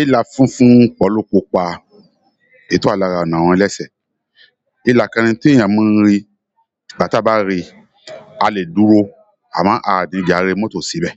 Ìlà funfun pẹ̀lú pupa èyí tó wà lára ọ̀nà ìrun ẹlẹ́sẹ̀. Ìlà kan ni téèyàn mọ́ ń rí, ìgbà tá a bá rí a lè dúró àmọ́ a ní gàárì mọ́tò síbẹ̀.